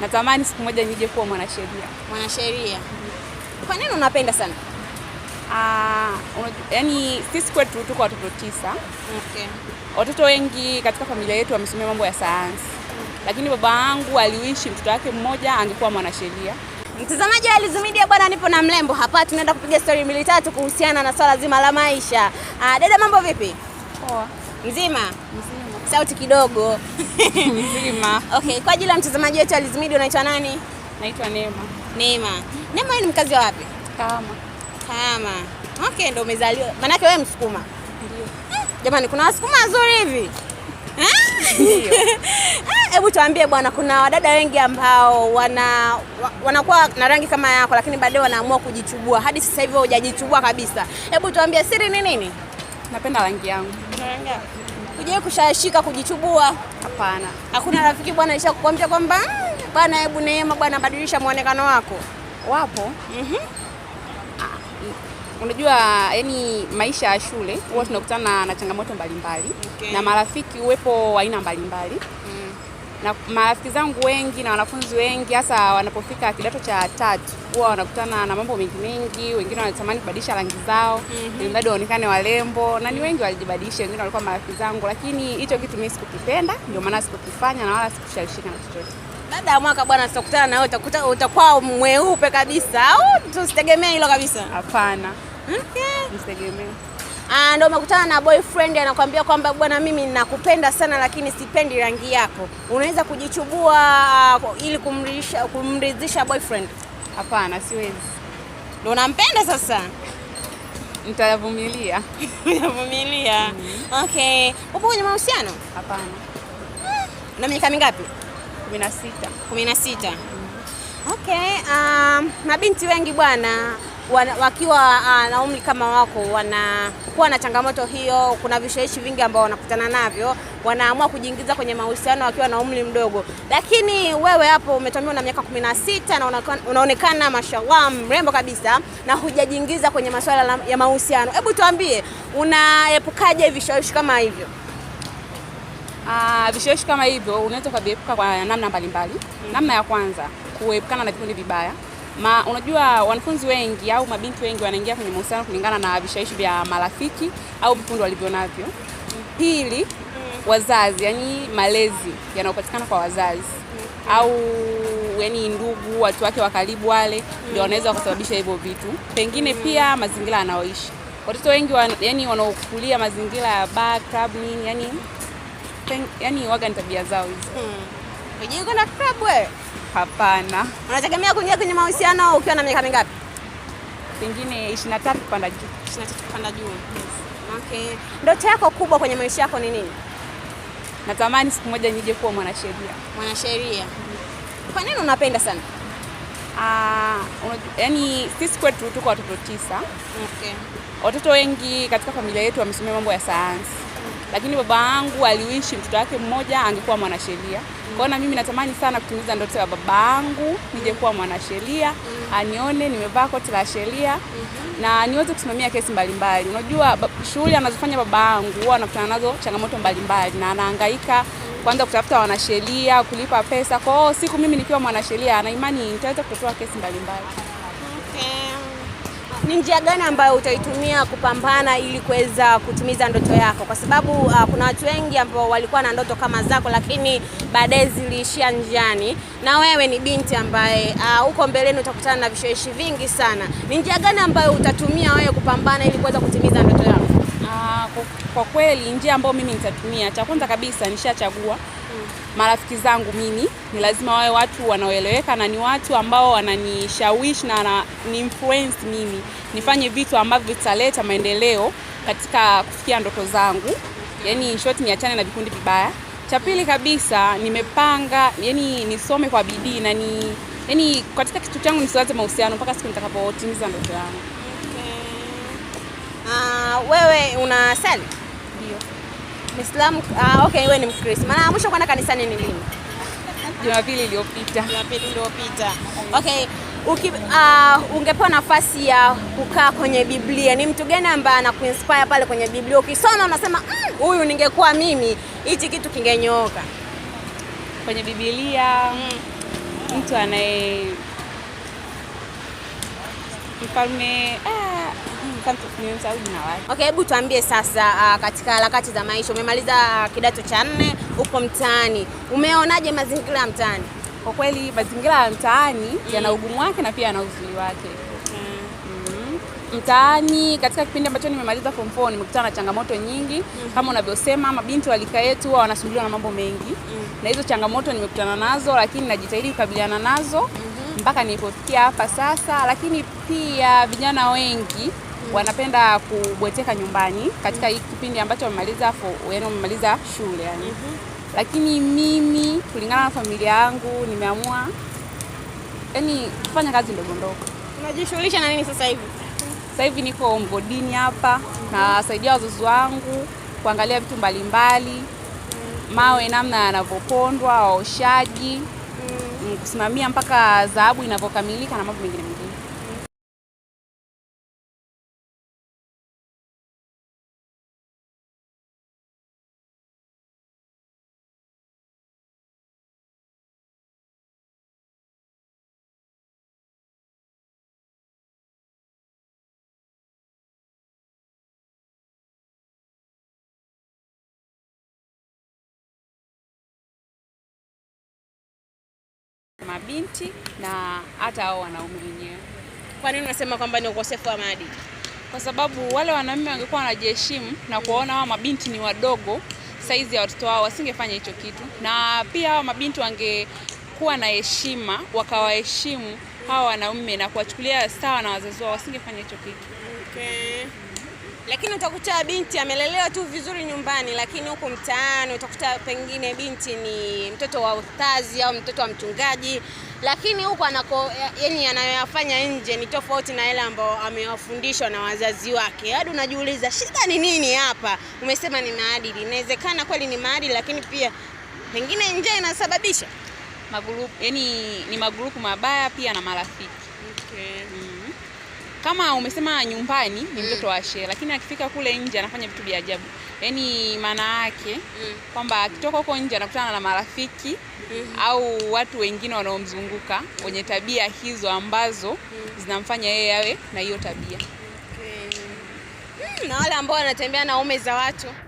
natamani siku moja nije kuwa mwanasheria. Mwanasheria. Kwa nini unapenda sana? Ah, yani sisi kwetu tuko watoto tisa. Okay. Watoto wengi katika familia yetu wamesomea mambo ya sayansi. Okay. Lakini baba yangu aliwishi mtoto wake mmoja angekuwa mwanasheria. Mtazamaji wa Lizzy Media bwana, nipo na mrembo hapa, tunaenda kupiga stori mbili tatu kuhusiana na swala zima la maisha. Ah, dada, mambo vipi? Poa. Mzima? Mzima sauti kidogo mzima. Okay, kwa ajili ya mtazamaji wetu wa Lizzy Media unaitwa nani? Naitwa Neema. Neema. Neema, wewe ni mkazi wa wapi? Kahama. Kahama. Okay, ndio umezaliwa. Maanake wewe Msukuma? Ndio. Hmm, jamani, kuna Wasukuma wazuri hivi? Ah, hebu tuambie bwana, kuna wadada wengi ambao wana wanakuwa na rangi kama yako, lakini baadaye wanaamua kujichubua. Hadi sasa hivi hujajichubua kabisa. Hebu tuambie siri ni nini? Napenda rangi yangu. Hujawahi kushawishika kujichubua? Hapana. Hakuna rafiki bwana alisha kukwambia kwamba ah, bwana, hebu Neema bwana, badilisha muonekano wako? Wapo. Mhm. Ah, unajua, yani maisha ya shule huwa tunakutana na changamoto mbalimbali, okay. na marafiki uwepo wa aina mbalimbali mm na marafiki zangu wengi na wanafunzi wengi hasa wanapofika kidato cha tatu huwa wanakutana na mambo mengi mengi. Wengine wanatamani kubadilisha rangi zao mm -hmm. mradi waonekane warembo, na ni wengi walijibadilisha. Wengine walikuwa marafiki zangu, lakini hicho kitu mimi sikukipenda, ndio maana sikukifanya na wala sikushawishika na chochote. Baada ya mwaka bwana, sitakutana na wewe, utakuwa mweupe kabisa au tusitegemee hilo kabisa? Hapana, okay. Ah, ndio umekutana na boyfriend anakuambia kwamba bwana, mimi nakupenda sana lakini sipendi rangi yako, unaweza kujichubua ah, ili kumridhisha kumridhisha boyfriend? Hapana, siwezi. Ndio unampenda sasa? Nitavumilia. Nitavumilia. mm -hmm. Okay, upo kwenye mahusiano? Hapana. na miaka mingapi? 16. 16. Okay, um, mabinti wengi bwana wana, wakiwa ah, na umri kama wako wanakuwa na changamoto hiyo. Kuna vishawishi vingi ambao wanakutana navyo, wanaamua kujiingiza kwenye mahusiano wakiwa na umri mdogo. Lakini wewe hapo umetamiwa na miaka kumi na sita na unaonekana mashallah mrembo kabisa na hujajiingiza kwenye masuala ya mahusiano, hebu tuambie, unaepukaje vishawishi kama hivyo? Uh, vishawishi kama hivyo unaweza ukaviepuka kwa namna mbalimbali mbali. Hmm. Namna ya kwanza kuepukana na vikundi vibaya Ma, unajua wanafunzi wengi au mabinti wengi wanaingia kwenye mahusiano kulingana na vishawishi vya marafiki au vikundi walivyonavyo. Pili, wazazi, yani malezi yanayopatikana kwa wazazi au yani ndugu, watu wake wa karibu, wale ndio wanaweza wakasababisha hivyo vitu. Pengine pia mazingira anaoishi watoto wengi wa, yani wanaokulia mazingira ya bar club nini, yani yani waga ni tabia zao hizo. Hmm. kuna club wewe? hapana. Unategemea kuingia kwenye mahusiano ukiwa na miaka mingapi? Pengine 23 kupanda juu. 23 kupanda juu. Yes. Okay. Ndoto yako kubwa kwenye maisha yako ni nini? Natamani siku moja nije kuwa mwanasheria. Mwanasheria. Mm-hmm. Kwa nini unapenda sana? Uh, yaani sisi kwetu tuko watoto tisa. Okay. Watoto wengi katika familia yetu wamesomea mambo ya sayansi lakini baba yangu aliuishi mtoto wake mmoja angekuwa mwanasheria. Mm. Kwaona mimi natamani sana kutimiza ndoto ya baba yangu, nije kuwa mwanasheria, anione nimevaa koti la sheria na niweze kusimamia kesi mbalimbali. Unajua, shughuli anazofanya baba yangu huwa anakutana nazo changamoto mbalimbali na anahangaika kwanza kutafuta wanasheria, kulipa pesa. Kwa hiyo siku mimi nikiwa mwanasheria, ana imani nitaweza kutoa kesi mbalimbali Okay ni njia gani ambayo utaitumia kupambana ili kuweza kutimiza ndoto yako? Kwa sababu uh, kuna watu wengi ambao walikuwa na ndoto kama zako, lakini baadaye ziliishia njiani, na wewe ni binti ambaye huko uh, mbeleni utakutana na vishawishi vingi sana. Ni njia gani ambayo utatumia wewe kupambana ili kuweza kutimiza ndoto yako? Uh, kwa kweli njia ambayo mimi nitatumia, cha kwanza kabisa nishachagua marafiki zangu mimi ni lazima wawe watu wanaoeleweka na ni watu ambao wananishawishi na ni influence mimi nifanye vitu ambavyo vitaleta maendeleo katika kufikia ndoto zangu. Yani in niachane na vikundi vibaya. Cha pili kabisa, nimepanga yani nisome kwa bidii na ni yani katika kitu changu nisiwaze mahusiano mpaka siku nitakapotimiza ndoto yangu. Okay. Uh, eh, ah, wewe una sali? Muislamu. Ah, okay, wewe ni Mkristo. Maana mwisho kwenda kanisani ni lini? Jumapili iliyopita. Jumapili iliyopita. Okay. Uki, uh, ungepewa nafasi ya kukaa kwenye Biblia, ni mtu gani ambaye anakuinspire pale kwenye Biblia? Ukisoma unasema mm, huyu, mm, ningekuwa mimi, hichi kitu kingenyooka kwenye Biblia. Mm. Mtu anaye mfalme eh, Okay, hebu tuambie sasa, uh, katika harakati za maisha umemaliza uh, kidato cha nne, uko mtaani, umeonaje mazingira ya mtaani? Kwa kweli mazingira ya mtaani mm. yana ugumu wake na pia yana uzuri wake mm. mm-hmm. mtaani katika kipindi ambacho nimemaliza form 4 nimekutana na changamoto nyingi mm Kama unavyosema mabinti wa yetu huwa wanasumbuliwa na mambo mengi mm Na hizo changamoto nimekutana nazo, lakini najitahidi kukabiliana nazo mm mpaka nilipofikia hapa sasa. Lakini pia vijana wengi wanapenda kubweteka nyumbani katika hiki kipindi ambacho wamemaliza yaani wamemaliza shule yani. mm -hmm. Lakini mimi kulingana na familia yangu nimeamua yani kufanya kazi ndogo ndogo. Unajishughulisha na nini sasa hivi? Sasa hivi niko mgodini hapa, nasaidia wazazi wangu kuangalia vitu mbalimbali mhm. mawe namna yanavyopondwa, waoshaji kusimamia mpaka dhahabu inavyokamilika na mambo mengine mengine. mabinti na hata hao wanaume wenyewe. Kwa nini unasema kwamba ni ukosefu wa maadili? Kwa sababu wale wanaume wangekuwa wanajiheshimu na kuwaona hao mabinti ni wadogo saizi ya watoto wao, wasingefanya hicho kitu, na pia hao mabinti wangekuwa na heshima, wakawaheshimu hawa wanaume na kuwachukulia sawa na wazazi wao, wasingefanya hicho kitu. Okay. Lakini utakuta binti amelelewa tu vizuri nyumbani, lakini huko mtaani utakuta pengine binti ni mtoto wa ustazi au mtoto wa mchungaji, lakini huko anako, yani anayoyafanya nje ni tofauti na yale ambayo amewafundishwa na wazazi wake. Hadi unajiuliza shida ni nini hapa? Umesema ni maadili, inawezekana kweli ni maadili, lakini pia pengine nje inasababisha magrupu, yani ni magrupu mabaya pia na marafiki okay. mm kama umesema nyumbani ni mtoto mm. wa shehe, lakini akifika kule nje anafanya vitu vya ajabu. Yaani maana yake mm. kwamba akitoka huko nje anakutana na marafiki mm -hmm. au watu wengine wanaomzunguka wenye tabia hizo ambazo mm. zinamfanya yeye awe na hiyo tabia okay. mm, na wale ambao wanatembea na ume za watu